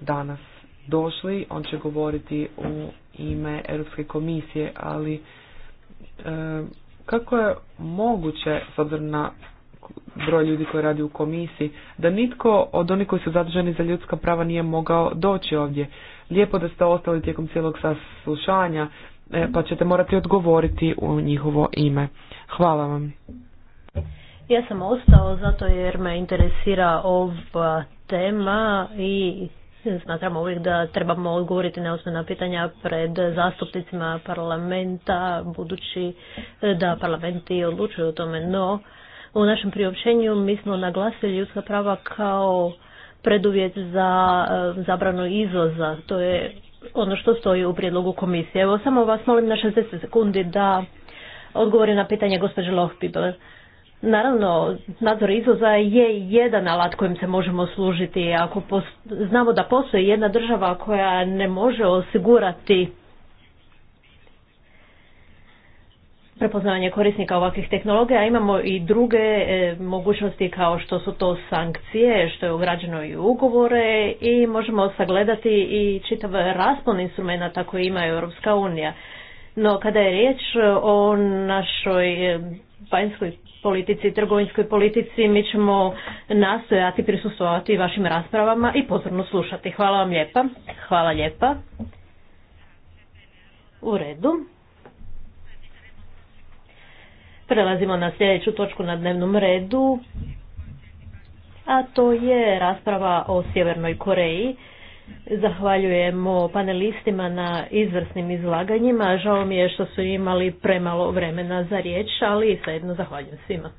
danas došli. On će govoriti u ime Europske komisije, ali e, kako je moguće, s obzirom na broj ljudi koji radi u komisiji, da nitko od onih koji su zadržani za ljudska prava nije mogao doći ovdje. Lijepo da ste ostali tijekom cijelog saslušanja, e, pa ćete morati odgovoriti u njihovo ime. Hvala vam. Ja sam ostao zato jer me interesira ova tema i Smatramo uvijek da trebamo odgovoriti na osnovna pitanja pred zastupnicima parlamenta, budući eh, da parlamenti odlučuju o tome. No, u našem priopćenju mi smo naglasili ljudska prava kao preduvjet za eh, zabranu izvoza. To je ono što stoji u prijedlogu komisije. Evo, samo vas molim na 60 sekundi da odgovori na pitanje gospođe Lohpibler. Naravno, nadzor izvoza je jedan alat kojim se možemo služiti. Ako znamo da postoji jedna država koja ne može osigurati prepoznavanje korisnika ovakvih tehnologija, imamo i druge e, mogućnosti kao što su to sankcije, što je ugrađeno i ugovore i možemo sagledati i čitav raspon instrumenta koji ima Europska unija. No kada je riječ e, o našoj e, vanjskoj politici, trgovinskoj politici, mi ćemo nastojati prisustovati vašim raspravama i pozorno slušati. Hvala vam lijepa. Hvala lijepa. U redu. Prelazimo na sljedeću točku na dnevnom redu, a to je rasprava o Sjevernoj Koreji. Zahvaljujemo panelistima na izvrsnim izlaganjima. Žao mi je što su imali premalo vremena za riječ, ali jedno zahvaljujem svima.